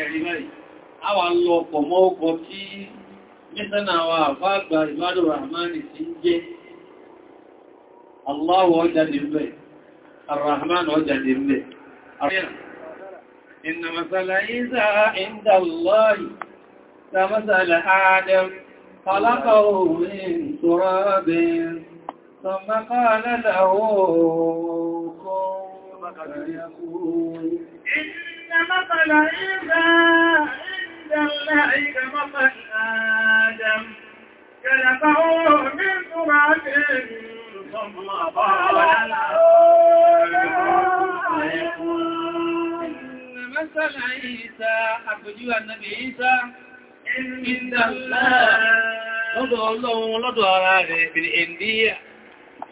ẹ̀rí mẹ́rin a wà lọ ọ̀pọ̀ mọ́ ọkọ̀ tí mẹ́sànà àwọn àfá àgbà ìbádò rahmani sí ń jẹ́ Allahu ọjáde mẹ́ arrahman ọjáde mẹ́ inna masala isa inda Allahi ta مثل عيسى عند الله كمثل آدم كنفعه من تراب ثم طال مثل عيسى أفجوا النبي عيسى عند الله lọ́dọ̀ ọlọ́run lọ́dọ̀ ara rẹ̀ bìí ẹ̀ndíyà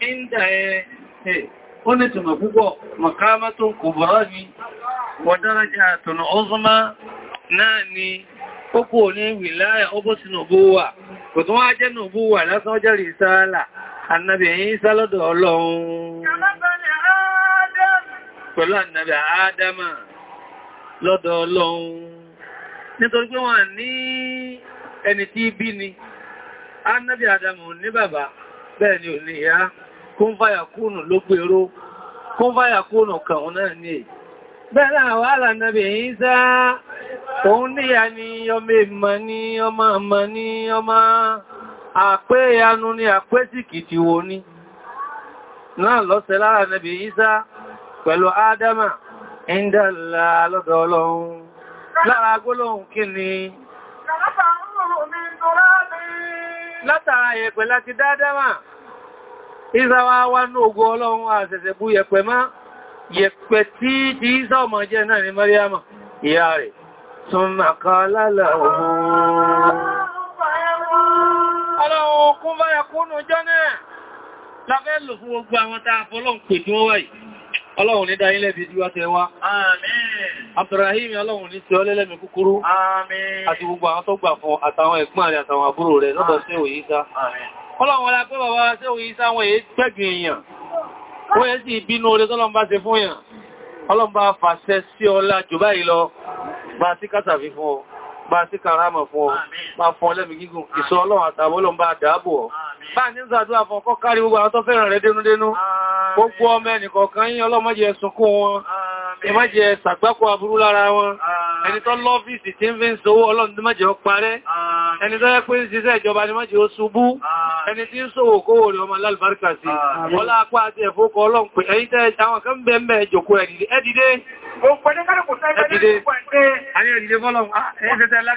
ẹ̀ndà ẹ̀ ó ní tùmọ̀ púpọ̀ mọ̀ká mọ́ tó kò bọ̀rọ̀ ní ودرجات عظمى ناني Kókó ní wìláyà ó bó sí nùbúwà, kò tún wá jẹ́ nùbúwà lásán ó jẹ́ rìsáàlà, annabi ẹ̀yìn sálọ́dọ̀ ọlọ́un Pẹ̀lú annabi Ádámà lọ́dọ̀ ni, bẹ́ẹ̀ ni ò ní ìyá, kún ló gbèrò, bẹ́ẹ̀ àwọn alànàbì ìsá òun níyà ni ọmọ ìmọ̀ ni ọmọ ọmọ ni ọmọ àpé ìyanu ni àpé tí kìtì wo ni náà lọ́sẹ̀ lára nàbì ìsá pẹ̀lú ádámà ìndàlá lọ́dọ̀ ọlọ́run lára gbólóhùn kí ni látara yẹ̀pẹ̀ tí jíísà ọmọ jẹ́ náà ni Mariama ìyá rẹ̀ tún àkàálàlà ọ̀hún ọlọ́run fún ọlọ́run Abdurrahim ọlọ́run ní tí ọ lẹ́lẹ́mì kúkúrú àti gbogbo àwọn tó gbà fún àtàwọn ẹ̀gbọ́n rẹ̀ àtàwọn àbúrò rẹ̀ lọ́dọ̀ sí òyíṣà ọlọ́run wọ́n la bàbá sí òyíṣà wọ́n èé pẹ́gbìn èèyàn wọ́n yẹ́ sí ìbínú orí tọ́lọ́mbá ṣe fún yàn ọlọ́mbá fàṣẹ sí ọlá jù báyìí lọ bá sí kásàfí fún ọ bá sí karama fún ọ bá fún ọlẹ́mì gígùn ìṣọ́ ọlọ́run àtàbọ́lọ́mbá dáàbò ọ bá ní ṣàdúrà fún ọkọ́ kárí gbogbo àwọn tó fẹ́ràn rẹ̀ dénúdénú gbogbo ọmọ ẹnìkọ̀ọ̀kan ẹni tó lọ́fíìsì tí ń fi ń sówó ọlọ́run mọ́jẹ̀ ó parẹ́ ẹni tó yẹ pé ń ṣiṣẹ́ ìjọba ni mọ́jẹ̀ ó ṣubú ẹni tí ń sówó kówó rẹ̀ ọmọ alábàárìkà sí ọlá apá àti ẹ̀fókọ ọlọ́run pé ẹ̀yí tẹ́ àwọn kan bẹ́ẹ̀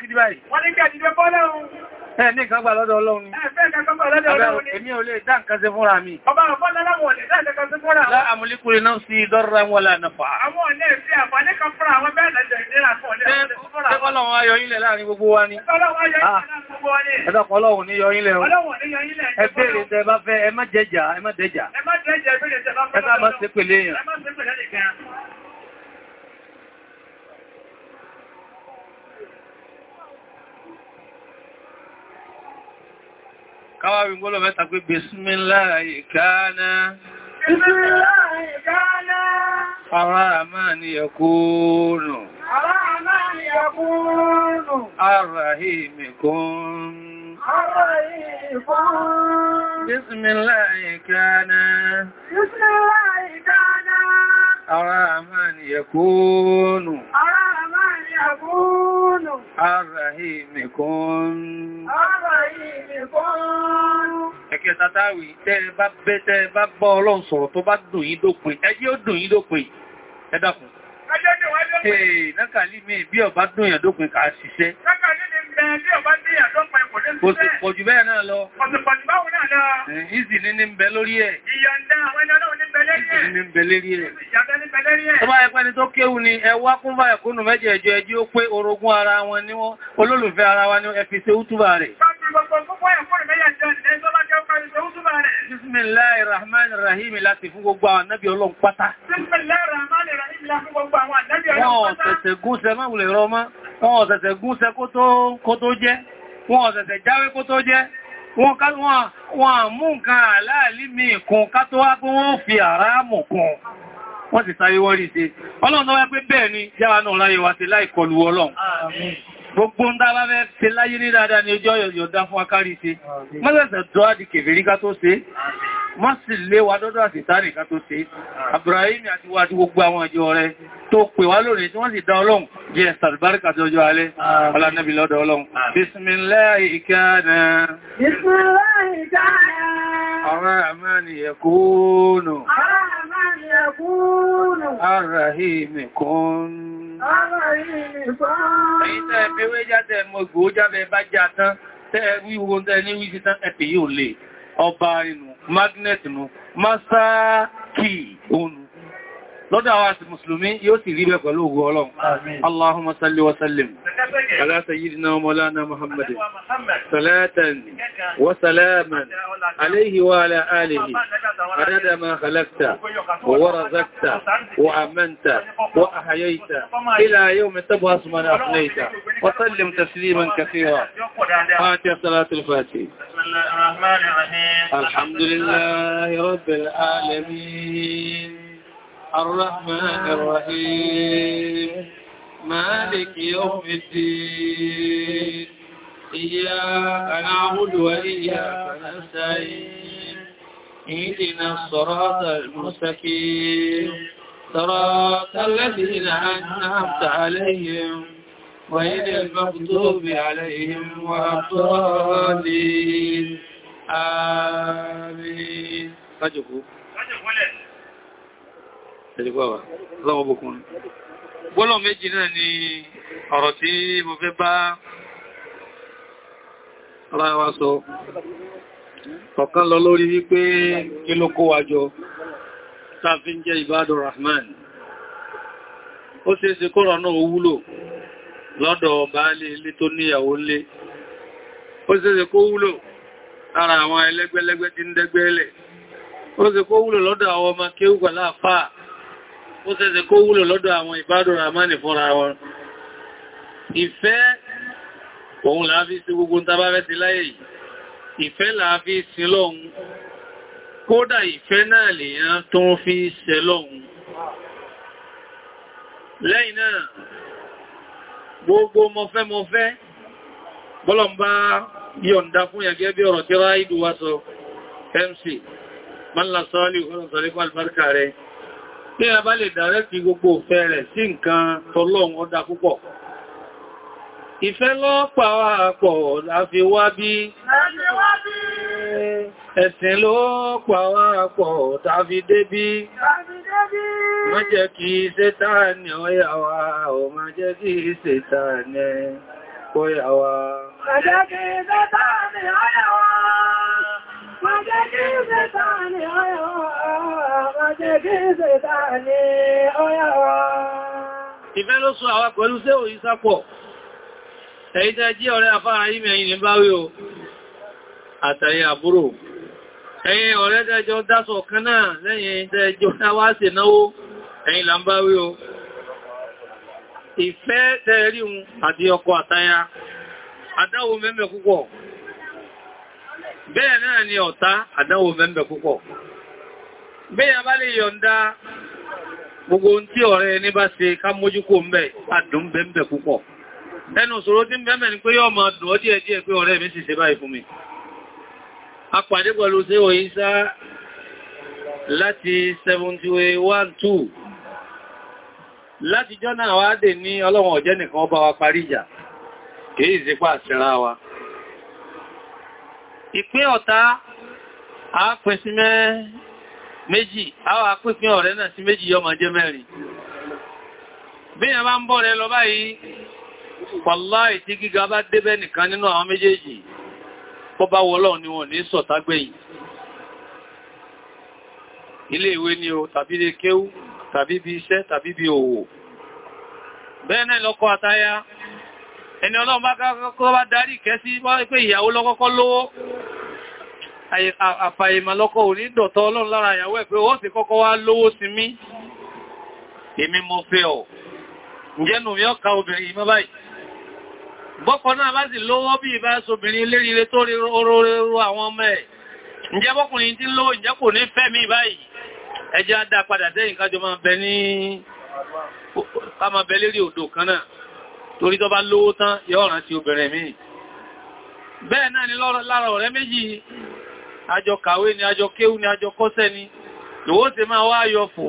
mẹ́ẹ̀ ẹni kan gbà lọ́dọ̀ Ọlọ́run ni èmi ò lè dá nǹkan ṣe fúnra mi ọba ọ̀fọ́lá láwọn ò lè dá nǹkan ṣe fúnra wọn láàmúlíkúrin náà sí dọ́rọ̀ wọn lánàfà àwọn ọ̀nà ìfẹ́ àfàní kan fúnra àwọn bẹ́ẹ̀ lẹ́jẹ̀ ìdíra fún ọ̀lẹ́ Ọlọ́run ayọ̀ ilẹ̀ láàrin gbogbo wa ni ẹ̀dọ́kọ̀ ah. Ọlọ́run ní yọ ilẹ̀ ẹ bèèrè tẹ bá fẹ́ ẹ má jẹjà ẹ má dẹjà ẹ má dẹjà ẹ bèèrè tẹ bá fẹ́ wí gbọ́lọ̀ mẹ́ta pé bismillahi kana bismillahi kana arrahmani yakunu arrahmani yakunu arrahimi kun bismillahi kana bismillahi kana arrahmani yakunu arrahmani Arahimikun. Arahimikun. Ẹkẹ́ tàtàwì tẹ́ bá bẹ́ tẹ́ bá bọ́ ọlọ́run sọ̀rọ̀ tó bá dùn yín dópin. Ẹjí ó dùn yín dópin. Ẹ dákun. Ẹjẹ́ dùn wá dópin. Ee, nákàlí mi bí ọba dùn yàn dópin kà ṣiṣẹ́. Nákàlí mi bẹ́ẹ̀ bí ọba dùn yàn dópin kò ní ṣiṣẹ́. bẹ́ẹ̀ náà lọ. Ọ̀sùn pàtì báwo náà lọ. Ìzì ní ní ń bẹ lórí ẹ̀. Ìyọ̀ndà tó bá yẹ pé ni tó kéwù ni ẹwà kún bá ẹ̀kúnnù mẹ́jẹ̀ ẹjọ́ ẹjí ó pé orogún ara wọn ni wọ́n olólùfẹ́ ara wa ni ẹfi ṣe útúbà rẹ̀ Rahim láti fún gbogbo àwọn ànábì Ọlọ́run pátá. Bismillahir Rahim láti fún gbogbo àwọn ànábì Ọlọ́run pátá. Wọ́n ọ̀sẹ̀sẹ̀ gúnṣẹ́ máa wùlẹ̀ rọ mọ́, wọ́n ọ̀sẹ̀sẹ̀ gúnṣẹ́ kó tó jẹ́, wọ́n ọ̀sẹ̀sẹ̀ jáwé kó tó jẹ́, wọ́n mú nǹkan àláàlí mi kún ká tó wá kó wọ́n fi àrámù kún wọ́n sì sáré wọ́n rí ṣe ọlọ́run tó wá pé bẹ́ẹ̀ ni jáwa náà ráyé wa ṣe láìkọlù ọlọ́run gbogbo ń dára mẹ́ ṣe láyé ní dáadáa ni ojú ọ̀yọ̀dá fún akárí ṣe mọ́sẹ̀sẹ̀ tó á di kèfèrí ká tó ṣe wọ́n sì lé wa dọ́dọ̀ àṣìtánì ká tó ṣe Ibrahim àti wa àti gbogbo àwọn ìjọ rẹ̀ tó pè wá lónìí tí wọ́n sì dá ọlọ́run jẹ́ sàrbárkà tó jọ alẹ́ ọlánàbí ah. lọ́dọ̀ ọlọ́run ah. bismillah ìkáàdà bismillah ìkáàdà ar-rahman yakunu ar-rahman yakunu ar-rahim kun ar-rahim kun èyí tẹ́ mẹ́wé jáde mọ́gbò jáde bá já tán tẹ́ wíwo tẹ́ ní wíṣí tán ẹ̀pì yóò lè ọba lọ́dọ̀ àwọn àti mùsùlùmí yóò sì rí bẹ́ pẹ̀lú ogun ọlọ́run. Allahumma salli wa sallim. Ala sayyidina wa maulana Muhammadin. Salatan wa salaman alayhi wa ala alihi. Adada ma khalaqta wa warazakta wa amanta wa ahayaita ila yawmi tabhasu man afnayta wa sallim tasliman kathira. Fatiha salatul Fatih. Alhamdulillahi rabbil alamin. الرحمن الرحيم مالك يوم الدين إياك نعبد وإياك نستعين إهدنا الصراط المستقيم صراط الذين أنعمت عليهم وإلى المغضوب عليهم وأبطالين آمين gbọ́lọ̀ méjì náà ni ọ̀rọ̀ tí mo fẹ́ bá ara wa sọ ọ̀kan lọ lórí wípé kí ló kó Rahman ó ṣe ṣe kọ́rọ̀ náà ó wúlò lọ́dọ̀ tó ara àwọn ẹlẹ́gbẹ́lẹ́gbẹ́ ó ṣẹ̀ṣẹ̀ kó wúlò lọ́dọ̀ àwọn ìbádọ̀ ramani fúnra wọn ìfẹ́ òun làá fi sí gbogbo tàbá fẹ́ sí láyé yìí ìfẹ́ làá fi sí lọ́hun kódà ìfẹ́ náà lèyàn tó ń fi ṣẹ lọ́hun lẹ́yìn náà gbogbo mọ́fẹ́ mọ́fẹ́ bọ́lọ̀mbá yọ̀ǹda fún yàgẹ́ bí ọ̀rọ̀ tí ráìdù wá sọ mc mọ́lá sọ́ọ́lì ọ̀rọ̀ sọ̀rẹ́kọ́ albarka rẹ̀ tí a bá lè dàrẹ́kì gbogbo ìfẹ́ rẹ̀ sí nǹkan tọ́lọ́run ọdá púpọ̀. Ìfẹ́ lọ́pàá wà pọ̀ láfi wá bí ẹ̀sìn ló pàá wá pọ̀ tàbí débí má jẹ́ kí Sẹ́tánì ọ̀yà wa ò má jẹ́ kí Sẹ́tánì ọ̀yà wa má jẹ́ kí Sẹ́tánì ọ̀yà wa ṣe Ìfẹ́ ló sọ àwa pẹ̀lú ṣé òyí sápọ̀. Ẹ̀yí tẹ́ jí ọ̀rẹ́ afára yìí mẹ́yìn ní o, àtàrí àbúrò. Ẹ̀yin ọ̀rẹ́ tẹ́jọ dásọ kan náà lẹ́yìn tẹ́jọ dáwà náwó, ẹ̀yìn là bẹ́yà bá lè yọ̀ǹda gbogbo tí ọ̀rẹ́ ní bá ṣe ká mójúkò mẹ́ àdùn bẹ́m̀bẹ̀ púpọ̀ ẹnu ṣòro tí bẹ́m̀bẹ̀ ni pé yọ́ ma dùn ọdí ẹ̀dí ẹ̀ pé ọ̀rẹ́ mi sì ṣe báyìí fún mi a pàdé pẹ̀lú sá láti 2 láti jọ́ náà wá dè ní ọlọ́wọ̀n ọ̀jẹ́ nìkan ìjà kìí wa a méjì àwọn apínfin ọ̀rẹ́ náà sí méjì yọ máa jẹ́ mẹ́rin bí yàn bá ń bọ́ rẹ lọ báyìí wàláhì tí gíga bá débẹ̀ nìkan nínú àwọn méjèèjì bọ́ bá wọlọ́ ni wọ́n ní sọ̀tágbẹ̀yìn ilé ìwé ni o tàbí lè kéwú tàbí bí iṣẹ́ tàbí bí òwò bẹ́ẹ̀ náà lọ́kọ àtaya ẹni ọlọ́run bá kọ́kọ́ bá darí kẹ́ sí pé ìyàwó lọ́kọ́kọ́ àfàìmà lọ́kọ ò ní dọ̀tọ́ ọlọ́run lára ìyàwó ẹ̀ pé ó kọ́kọ́ wá lówó sí mí èmi mo fẹ́ ọ̀ jẹ́nu mi ọka obìnrin mọ́ báyìí bọ́kọ náà bá sì lówó bí ìbá sobìnrin léríire tó rí oróró àwọn ọmọ ẹ̀ àjọ kàwé ni àjọ kéwú ni àjọ kọ́sẹ́ ni lòwó ṣe máa wá yọ fò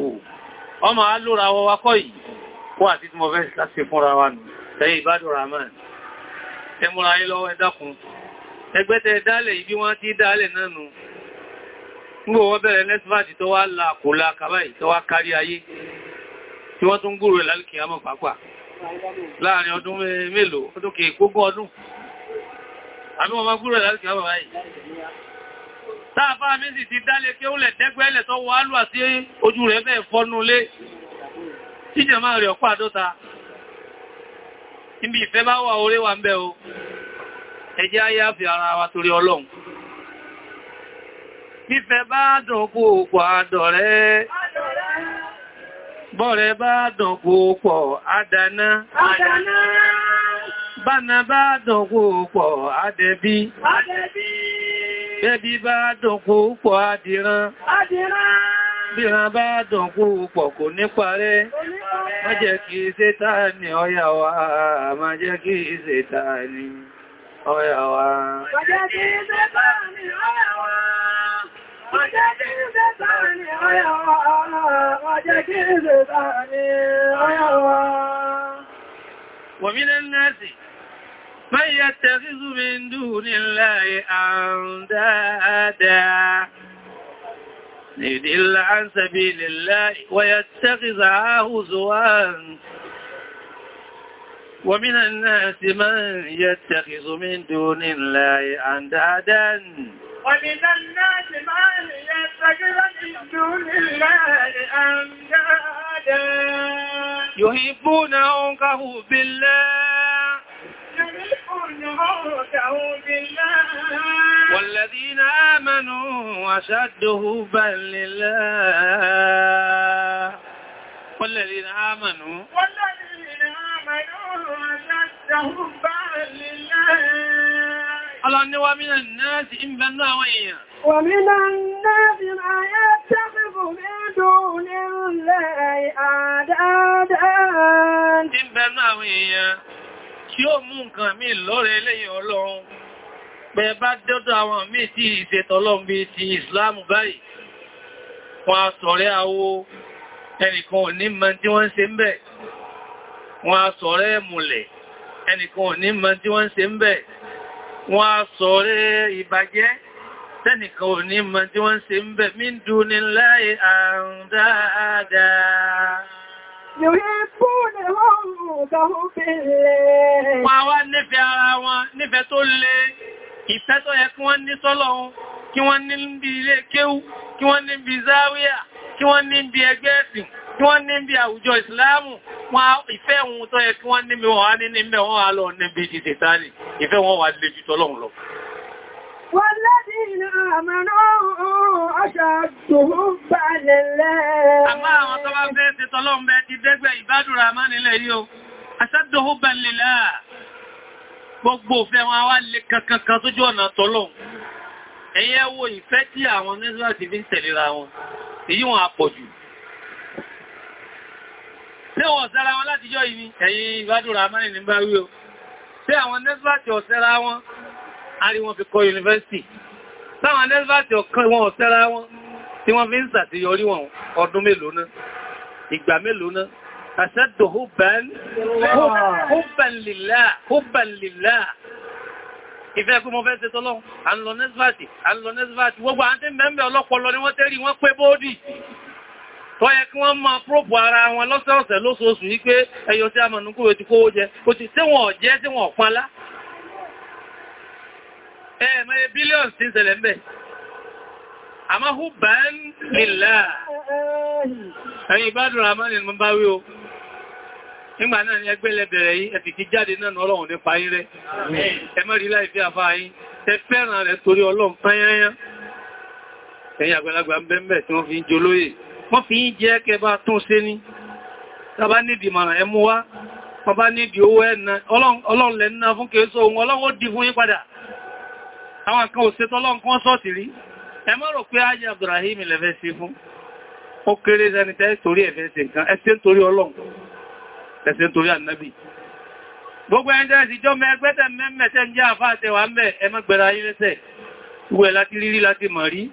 ọmọ alóra wọ wakọ́ yìí kó àti tí mo fẹ́ láti fúnra wa nù lẹ́yìn ìbádùn rahman ẹ múra lọ́wọ́ ẹ ẹgbẹ́tẹ̀ dálẹ̀ ibi wọ́n ti dálẹ̀ náà nù nígbò wọ́n bẹ̀rẹ̀ la kò la kàbáyì tó wá kárí ayé tí wọ́n tún gúrò lálùkì àmọ́ pàápàá láàrin ọdún mélòó ọdún kèé kógún ọdún àbí wọ́n má gúrò Táàfà mi sì ti dálé kí ó lẹ̀ tẹ́gbẹ́lẹ̀ tó wà lùwà sí ojú rẹ̀ bẹ́ẹ̀ fọ́núlé. Tíjẹ̀ máa rẹ̀ ọ̀pá àdọ́ta. Ibi ìfẹ́ bá wà orí wa ń bẹ o. Ẹ ayé àfi ara wa torí Ọlọ́run. Fífẹ́ bá bá dùn pọ̀ àdáná. Àdáná. Bẹ́bí bá dùnkú pọ̀ adìran. Adìran! Bíran bá pọ̀ kò ní parẹ́. Má jẹ́ kí Sétánì ọya wa, má jẹ́ kí ọya wa. Má jẹ́ kí ọya wa. Má jẹ́ kí من يتخذ من دون الله أندادا ليدل عن سبيل الله ويتخذها هزوا ومن الناس من يتخذ من دون الله أندادا ومن الناس من يتخذ من دون الله أندادا يحبونهم كحب الله والذين آمنوا أشد بل لله والذين آمنوا والذين آمنوا أشد بل لله الله أنه ومن الناس إن بلنا وإيا ومن الناس ما يتخذ من دون الله آدادان إن بلنا وإيا tí ó mú nǹkan mí lọ́rẹ̀ eléyìn ọlọ́run pẹ bá dọ́dọ̀ àwọn mí tí ìṣẹ́tọ̀lọ́run bí ti ìsìláàmù báyìí wọ́n a sọ̀rẹ́ àwo ẹnìkan ò ní mọ̀ tí wọ́n ń ń bẹ̀ wọ́n a sọ̀rẹ́ mùlẹ̀ ẹnìkan ò ní mọ̀ tí wọ́n ń ń bẹ̀ wọ́n a sọ̀rẹ́ ìbàjẹ́ tẹ́nìkan ò ní mọ̀ tí wọ́n ń ń bẹ̀ Wọ́n wá nífẹ̀ẹ́ ara wọn nífẹ̀ẹ́ tó lé ìfẹ́ tó yẹ kí wọ́n ní sọ́lọ́run, kí wọ́n ní bí ilé kéwú, kí wọ́n ní bí záwíà, kí wọ́n ní bí ẹgbẹ́ ẹ̀sìn, kí wọ́n ní bí àwùjọ ìsìláàmù, wọ́n ìfẹ́ ohun tó yẹ kí wọ́n ní mi wọ́n wá ní ní mẹ́ wọ́n wá lọ ní bí ti tẹ̀tánì, ìfẹ́ wọn wà lè ju tọ́lọ́run lọ. Wọ́lẹ́dìnà àmàrà aṣàdùn bá lẹ́lẹ́. Àmá àwọn tó bá fẹ́ ti tọ́lọ́run bẹ́ ti dẹ́gbẹ̀ ìbádùn aṣádọ́ ó bá lè láà gbogbo òfẹ́ wọn wá lè kankankan tó jọ ọ̀nà tọ́lọ̀ ẹ̀yẹ́ wo ìfẹ́ tí àwọn nẹ́sílá ti fi ń tẹ̀lera wọn èyí wọn àpọ̀jù tí wọ́n sára wọn láti jọ ìní ẹ̀yìn ìgbádùra mẹ́rin ní bá rí o tí àwọn nẹ́sílá ti ọ̀sẹ́ra wọn àrí wọn fi kọ yunifásitì táwọn nẹ́sílá ti ọ̀sẹ́ra wọn tí wọ́n fi ń sàtìyọrí wọn ọdún mélòó náà ìgbà mélòó náà أشد هبا هبا لله هبا لله ìfẹ́ ẹkùn mọ́ fẹ́ ṣe tọ́lọ́run àlọ́ nẹ́sìfàtì àlọ́ nẹ́sìfàtì gbogbo àti mẹ́mẹ́ ọlọ́pọlọ ni wọ́n tẹ́rí wọ́n pé bóódì tó yẹ kí wọ́n máa próbù ara wọn lọ́sẹ̀ọ̀sẹ̀ lóṣooṣù ní pé ẹyọ tí a mọ̀ nínú nígbà náà ni ẹgbẹ́ lẹ́bẹ̀rẹ̀ yìí ẹ̀fì kí jáde náà ọlọ́run nípa yín rẹ̀ ẹ mọ́ rí láìfí àfá yín ẹ fẹ́ràn rẹ̀ torí ọlọ́run fẹ́yányán ẹ̀yìn àgbàlagbà ń bẹ́m̀bẹ̀ tí wọ́n fi ń jolóyè wọ́n fi ń jẹ́ kẹ bá tún sé ní tàbá nídìí màrán ẹ mú wá wọ́n bá nídìí owó ẹ̀nà ọlọ́run lẹ́ ná fún kèéso ohun ọlọ́run ó dì fún yín padà àwọn kan tẹ̀sẹ̀ torí ànábì gbogbo ẹni tẹ́ẹ̀sì jọ mẹ́gbẹ́tẹ̀ mẹ́mẹ́tẹ́ ń jẹ́ àfáà tẹwàá mẹ́ ẹmọ́gbẹ̀rẹ̀ ayé lẹ́sẹ̀ ìwẹ̀ láti rírí láti mọ̀ rí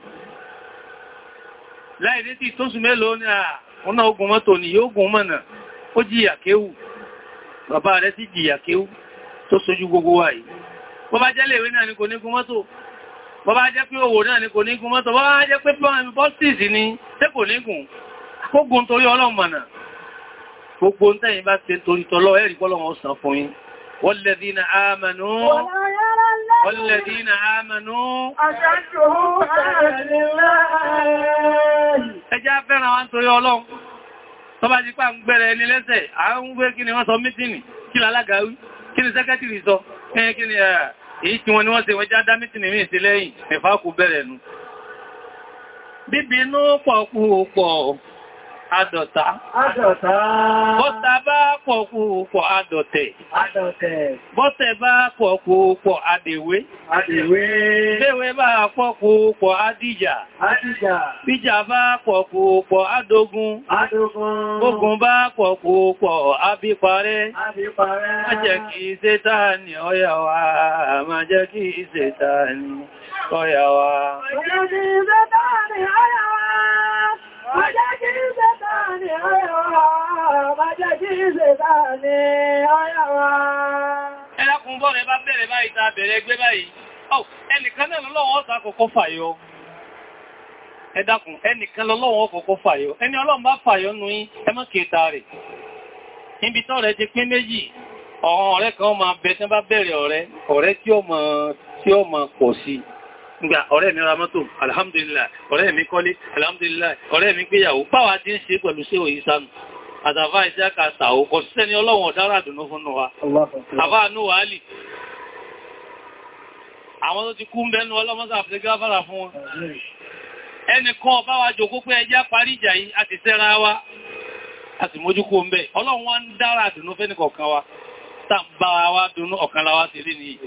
láì ní tí tóṣù mélòó ní àwọn ogun mọ́tò ní yóò gùn mọ̀nà ó jìyà kéwù bàbá rẹ̀ sì jìyà kéwù tó sojú gbogbo wa yìí bó bá jẹ́ léwé náà ni kò ní gun mọ́tò bó bá jẹ́ pé òwò náà ni kò ní gun mọ́tò bó bá jẹ́ pé bọ́ọ̀sì ni tẹ́ kò ní gùn kó gùn gbogbo ń tẹ́yìn bá ṣe torí tọ́lọ ẹ̀rí pọ́lọ́wọ́ sàn fún yín والذين آمنوا والذين آمنوا أشد حبا لله ẹjá fẹ́ràn wa ń torí ọlọ́run tó bá jí pà ń gbẹ̀rẹ̀ ẹni lẹ́sẹ̀ àwọn èyí tí wọ́n ni wọ́n ṣe wọ́n já dá mítìnì mí sí lẹ́yìn ẹ̀fà kú bẹ̀rẹ̀ nù bíbínú pọ̀pọ̀ Adọ̀ta. Adọ̀ta. Bọ́ta bá pọ̀ púpọ̀ adọ̀tẹ̀. Adọ̀tẹ̀. Bọ́tẹ̀ bá pọ̀ adèwé. Adèwé. Béwé bá pọ̀ adìjà. Adìjà. Bíjà bá pọ̀ adógún. Adógún. Ogun bá pọ̀ abíparẹ́. Abíparẹ́. Má jẹ́ kí wa. Má jẹ́ kí ní àyà wa. Ẹlẹ́kùn bọ́rẹ̀ bá bẹ̀rẹ̀ báyìí ta bẹ̀rẹ̀ ẹgbẹ́ báyìí. Ọ̀ ẹnìkan náà lọ́wọ́ ọ̀sà fàyọ. Ẹ ẹnìkan lọ́wọ́ fàyọ. Ẹni Ọlọ́run bá fàyọ nù yín, ẹ rẹ̀. Ibi tọ́ rẹ̀ ti pín méjì, ọ̀rọ̀ ọ̀rẹ́ kan máa bẹ tí bá bẹ̀rẹ̀ ọ̀rẹ́, àtàfà iṣẹ́ àkàtà ò kò síṣẹ́ ni dùnú fún wa àfà àánú wà lì àwọn tó ti kú ń bẹ́nu ọlọ́mọ́sà àfẹ́ gáfàrà fún wọn ẹnìkan ọba wa jòkó pé ẹjá parí ìjà yìí a ti sẹ́ra wa a ti mójú kó ń bẹ́ ọlọ́run wa ń dára dùnú fẹ́nìkọ̀ọ̀kan wa tàbá ti rí ni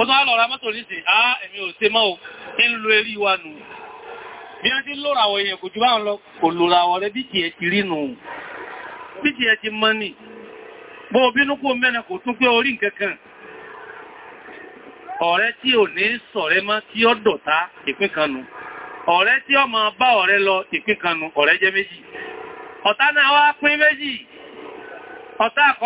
ọdún tó lọ ra mọ́tò nísìn ò mọ́ o ń lo eré wa nù bí wọ́n ti lóra àwọn èèyàn kò jù báwọn lọ kò lóra àwọn rẹ ti rí nù bí ti mọ́ nì bó kó mẹ́rin kò tún pé orí ọ̀rẹ́ tí ò ní mọ́ tí ó lọ ìpín kan nù ọ̀rẹ́ jẹ́ méjì ọ̀tá náà wá pín méjì ọ̀tá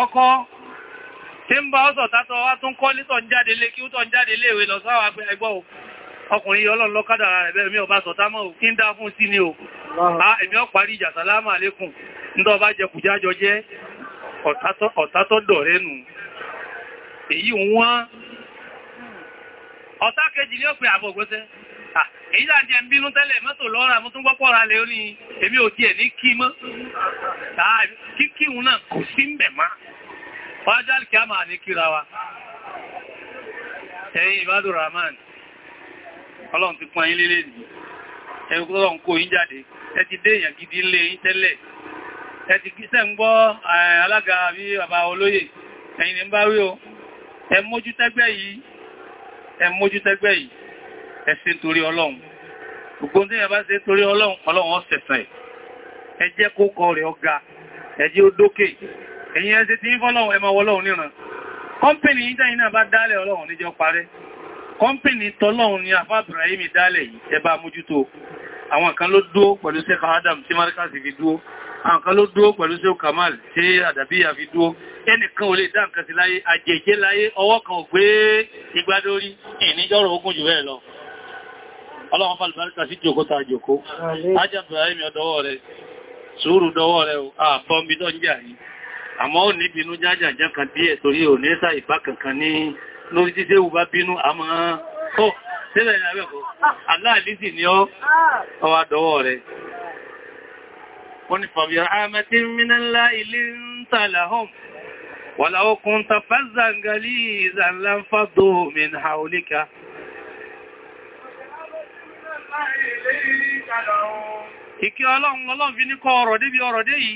tí ń bá ọ́sọ̀ tátọ́ wá tún kọ́ lítọ̀ ń jáde lé kí ó tọ́ ń jáde léèwé lọ sáwà pé ẹgbọ́ ọkùnrin ọlọ́run lọ́kádàrà rẹ̀ bẹ́ẹ̀ mi ọba sọ̀tá mọ́ kí ń dá ni o ah, èmi ìjà sálámà lékùn ńdọ́ ọba jẹ́ ọ̀tátọ́dọ̀ nù èyí wọ́n kejì ní òpin ah, èyí láti ẹ̀ ń bínú tẹ́lẹ̀ mọ́tò lọ́ra tún gbọ́pọ̀ ra lè orí èmi ò tiẹ̀ ní kí mọ́ Fájálì kí a máa ní kíra wa. Ẹ̀yin ìbádù Rahman, ọlọ́run ti pọn yín lélé nì. Ẹ̀yin kúrò ń kó yín jáde. Ẹ ti dé èèyàn gidi lé yín tẹ́lẹ̀. Ẹ ti kíṣẹ́ ń gbọ́ alága àbí bàbá olóyè. Ẹ̀yin ni ń bá wí o. Ẹ mójú tẹ́gbẹ́ yìí. Ẹ mójú tẹ́gbẹ́ yìí. Ẹ ṣe nítorí ọlọ́run. Gbogbo tí ẹ bá ẹ̀yin ẹsẹ̀ tí ń fọ́lọ́run ẹmọ wọlọ́run níran kọ́mpìnì ìdáyìn náà bá dálẹ̀ ọlọ́run níjọ parẹ́ kọ́mpìnì tọ́lọ́run ni àfá Ibrahim dálẹ̀ yìí ẹ bá mójútó àwọn kan ló dúó pẹ̀lú sí Adam tí marikasi fi dúó àwọn kan ló dúó pẹ̀lú sí Kamal tí àdàbíyà fi dúó ẹnìkan ò lè dá nǹkan sí láyé àjẹjẹ́ láyé ọwọ́ kan ò gbé igbádórí ìníjọ́rọ̀ ogun jù bẹ́ẹ̀ lọ ọlọ́run fàlùbáríkà sí jòkó ta jòkó ájá Ibrahim ọdọwọ́ rẹ̀ sùúrù dọwọ́ rẹ̀ àbọ̀m̀bí yìí àmọ́ ò ní bínú jájàjá kan díẹ̀ torí ò ní sáà ìbá kankan ní lórí títẹ́ wù bá bínú àmọ́ ọ́ sílẹ̀ ìrìnàwẹ́kọ́ aláàlìsì ni ọ́ ọwà dọwọ́ rẹ̀ wọ́n ni fàbí àmàtí ọlọ́run ọlọ́run fi ní kọ ọ̀rọ̀ débi ọ̀rọ̀ dé yìí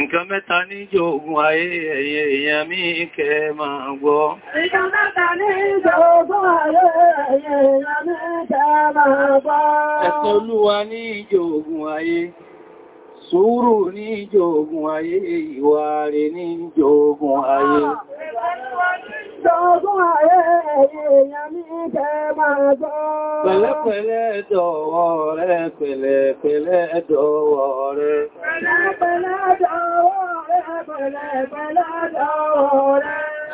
nǹkan mẹ́ta ní jò ogun ayé ẹ̀yẹ èèyàn mí kẹ máa gbọ́ nǹkan mẹ́ta ní jò ogun ayé ẹ̀yẹ èèyàn mí kẹ máa gbọ́ Sùúrù ní jogún ayé, ìwà rẹ̀ ní jogún ayé. Jogún ayé èèyàn ní kẹ máa gbọ́. Pẹ̀lẹ́pẹ̀lẹ́ dọ̀wọ́ rẹ̀, pẹ̀lẹ́pẹ̀lẹ́ dọ̀wọ́ rẹ̀. Pẹ̀lẹ́pẹ̀lẹ́ dọ̀wọ́ rẹ̀, pẹ̀lẹ́pẹ̀lẹ́ dọ̀wọ́ rẹ̀.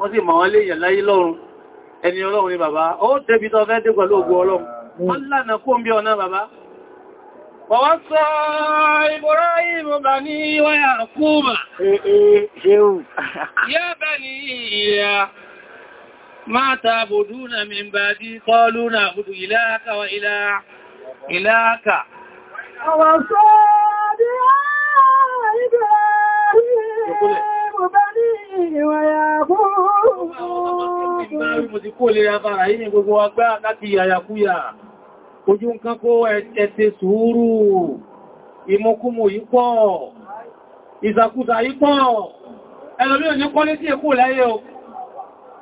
wọ́n sì mọ̀ wọ́n lè yẹ̀ láyé lọ́run ẹni ọlọ́run ni bàbá ó débi tó fẹ́ pẹ̀lú ògùn ọlọ́run mm. wọ́n lànà kó bí ọ̀nà bàbá wọ́n sọ Ibrahim bani wa Yaqub eh, eh, Ojú nǹkan kó ẹ̀tẹ̀ sùúrù, ìmọ̀kúmò yìí pọ̀, ìzàkúzà ẹlòmí ò ní kọ́ ní tí èkó láyé o,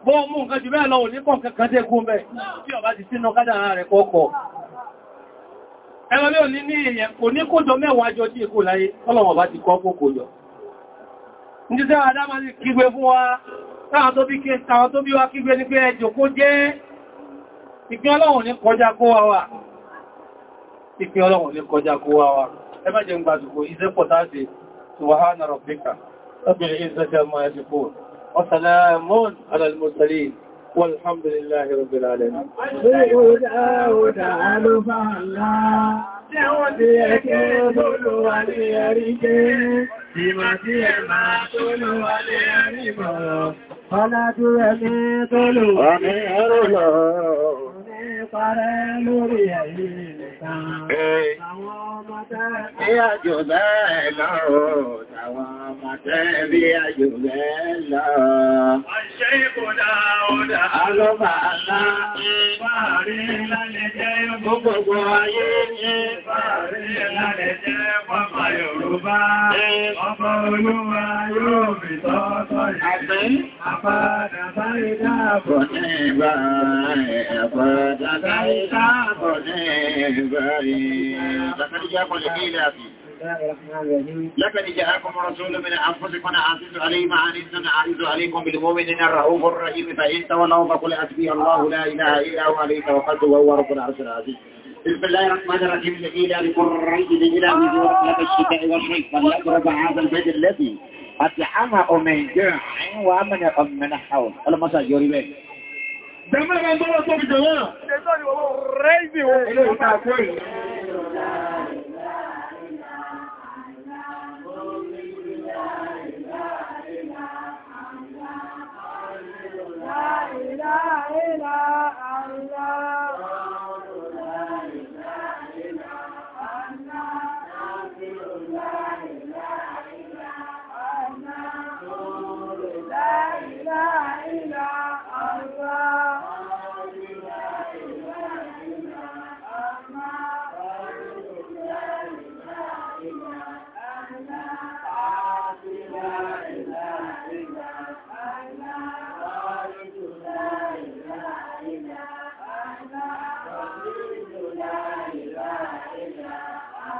bó mú nǹkan jù bẹ́ẹ̀ ò ní pọ̀ kankan tí èkó mẹ́, tí ọba ti sínú kádà rẹ̀ kọ́kọ́. Ẹlòmí ò ní Níjẹ́ àdámà ní kígbe fún wa, táwọn tó bí kíẹ̀ táwọn tó bí wa kígbe ní pé ẹjọ́ kó jẹ́ ìpín ọlọ́run ní kọjá kó wa wà. Ìpín ọlọ́run ní kọjá kó wa wà. Ẹ ń gbàdùkú, iṣẹ́ pọ̀ táàṣe, Subhana Rabbika, Rabbil Izzati Amma Yasifun, wa Salamun ala al-Mursalin, Ìmọ̀ tí ẹ máa tó ló wà ní ẹ̀rí mọ̀. Ọlá tó ẹ̀mí tó lò wà ní ẹ̀rọ lọ. Ní parẹ́ lórí ẹ̀yí nìkan. Àwọn ọmọ tẹ́ àwọn ọmọdébí àjòrẹ́ lọ. Àṣẹ ìbòdà ọ̀dà. Alọ́bà alá. Fàárí lálẹ́ gbogbo ayé ní. Fàárí lálẹ́ jẹ́ pápá Yorùbá. Ọmọ olúwa yóò fi tọ́tọ́ yìí. Àpáàdà sáré dáàbọ̀ ní ìbá. Àpáàdà sáré dáàbọ̀ ní ìbá. Àpáàdà sáré dáàbọ̀ ní ìbá. لقد جاءكم رسول من أنفسكم عزيز عليه ما عنيتم عزيز عليكم بالمؤمنين الرؤوف الرحيم فإن تولوا فقل حسبي الله لا إله إلا هو عليه توكلت وهو رب العرش العزيز بسم الله الرحمن الرحيم إلى لقريب إلى نزول لك الشتاء والصيف فليقرب هذا البيت الذي أطعمه من جوع وأمنه من حول المساج يوري Dame la bandera, Tommy, que va. Te doy, rey, علينا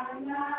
Allah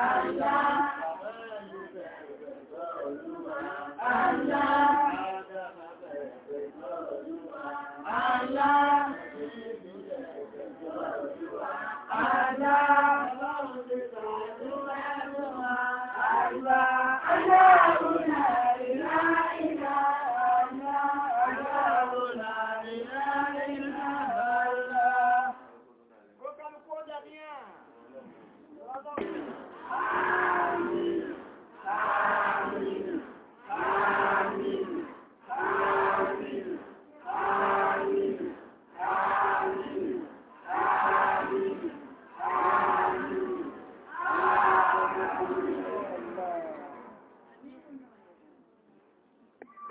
àyà.